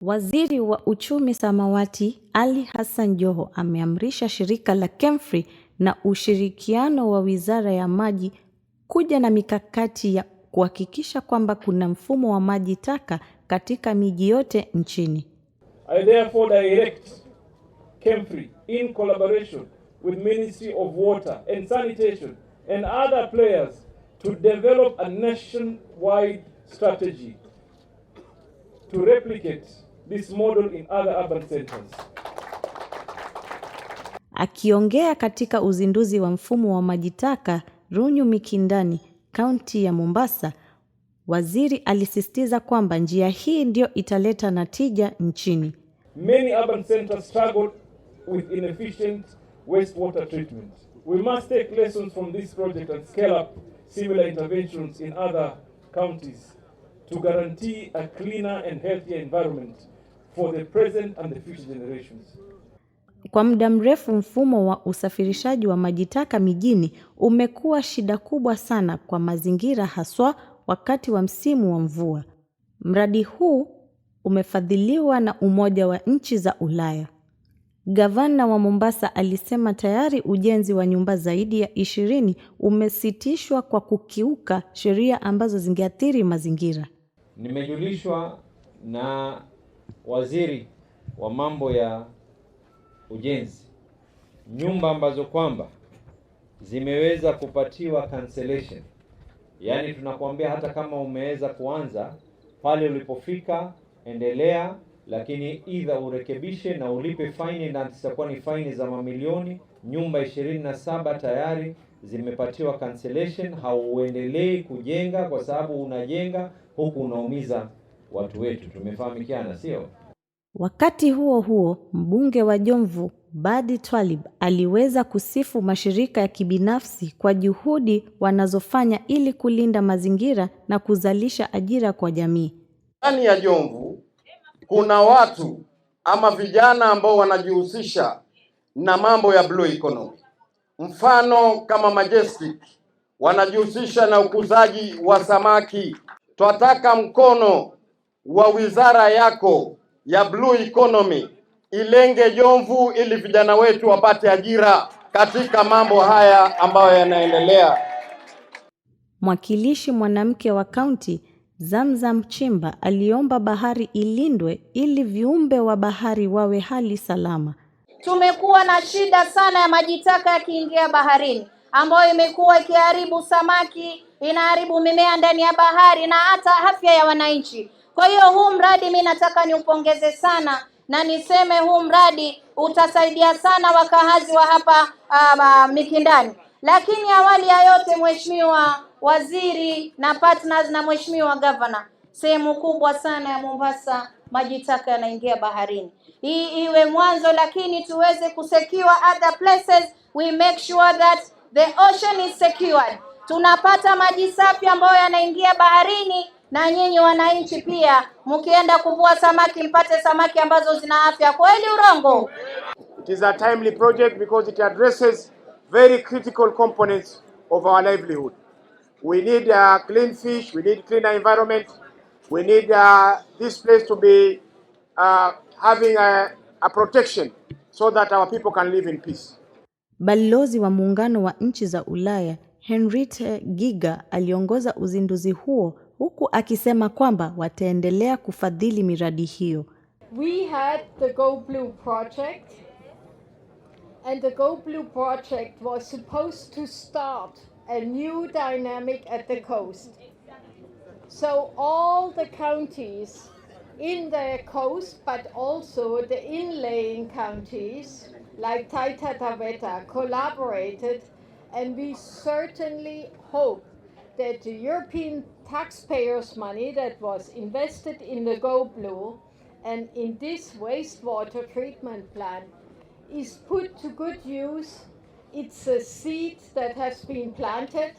Waziri wa Uchumi Samawati Ali Hassan Joho ameamrisha shirika la KEMFRI na ushirikiano wa Wizara ya Maji kuja na mikakati ya kuhakikisha kwamba kuna mfumo wa maji taka katika miji yote nchini. I therefore direct KEMFRI in collaboration with Ministry of Water and Sanitation and other players to develop a nationwide strategy to replicate this model in other urban centers. Akiongea katika uzinduzi wa mfumo wa maji taka Runyu Mikindani, kaunti ya Mombasa, waziri alisisitiza kwamba njia hii ndio italeta natija nchini. Many urban centers struggled with inefficient wastewater treatment. We must take lessons from this project and scale up similar interventions in other counties to guarantee a cleaner and healthier environment for the present and the future generations. Kwa muda mrefu mfumo wa usafirishaji wa maji taka mijini umekuwa shida kubwa sana kwa mazingira haswa wakati wa msimu wa mvua. Mradi huu umefadhiliwa na Umoja wa Nchi za Ulaya. Gavana wa Mombasa alisema tayari ujenzi wa nyumba zaidi ya ishirini umesitishwa kwa kukiuka sheria ambazo zingeathiri mazingira. Nimejulishwa na waziri wa mambo ya ujenzi, nyumba ambazo kwamba zimeweza kupatiwa cancellation, yaani tunakuambia hata kama umeweza kuanza pale ulipofika, endelea lakini idha urekebishe na ulipe faini, na zitakuwa ni faini za mamilioni. Nyumba ishirini na saba tayari zimepatiwa cancellation, hauendelei kujenga kwa sababu unajenga huku unaumiza watu wetu. Tumefahamikiana, sio? Wakati huo huo, mbunge wa Jomvu Badi Twalib aliweza kusifu mashirika ya kibinafsi kwa juhudi wanazofanya ili kulinda mazingira na kuzalisha ajira kwa jamii. Ndani ya Jomvu kuna watu ama vijana ambao wanajihusisha na mambo ya blue economy, mfano kama Majestic wanajihusisha na ukuzaji wa samaki. Twataka mkono wa wizara yako ya blue economy ilenge Jomvu ili vijana wetu wapate ajira katika mambo haya ambayo yanaendelea. Mwakilishi mwanamke wa kaunti Zamzam Chimba aliomba bahari ilindwe ili viumbe wa bahari wawe hali salama. Tumekuwa na shida sana ya maji taka yakiingia baharini, ambayo imekuwa ikiharibu samaki, inaharibu mimea ndani ya bahari na hata afya ya wananchi. Kwa hiyo huu mradi mi nataka niupongeze sana na niseme huu mradi utasaidia sana wakahazi wa hapa uh, Mikindani. Lakini awali ya yote, Mheshimiwa Waziri na partners na Mheshimiwa Governor, sehemu kubwa sana ya Mombasa maji taka yanaingia baharini. Hii iwe mwanzo, lakini tuweze kusecure other places. We make sure that the ocean is secured. Tunapata maji safi ambayo yanaingia baharini na nyinyi wananchi pia mkienda kuvua samaki mpate samaki ambazo zina afya kweli. Urongo, it is a timely project because it addresses very critical components of our livelihood. We need a clean fish, we need cleaner environment, we need uh, this place to be uh, having a, a protection so that our people can live in peace. Balozi wa muungano wa nchi za Ulaya Henrite Giga aliongoza uzinduzi huo huku akisema kwamba wataendelea kufadhili miradi hiyo. We had the Go Blue project and the Go Blue project was supposed to start a new dynamic at the coast. So all the counties in the coast but also the inlaying counties like Taitataveta collaborated and we certainly hope that the European taxpayers' money that was invested in the Go Blue and in this wastewater treatment plant is put to good use. It's a seed that has been planted,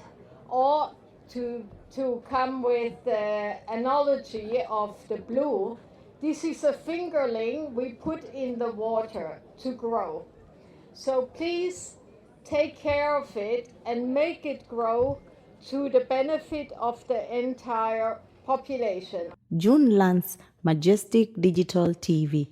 or to, to come with the uh, analogy of the blue, this is a fingerling we put in the water to grow. So please take care of it and make it grow to the benefit of the entire population. June Lance, Majestic Digital TV.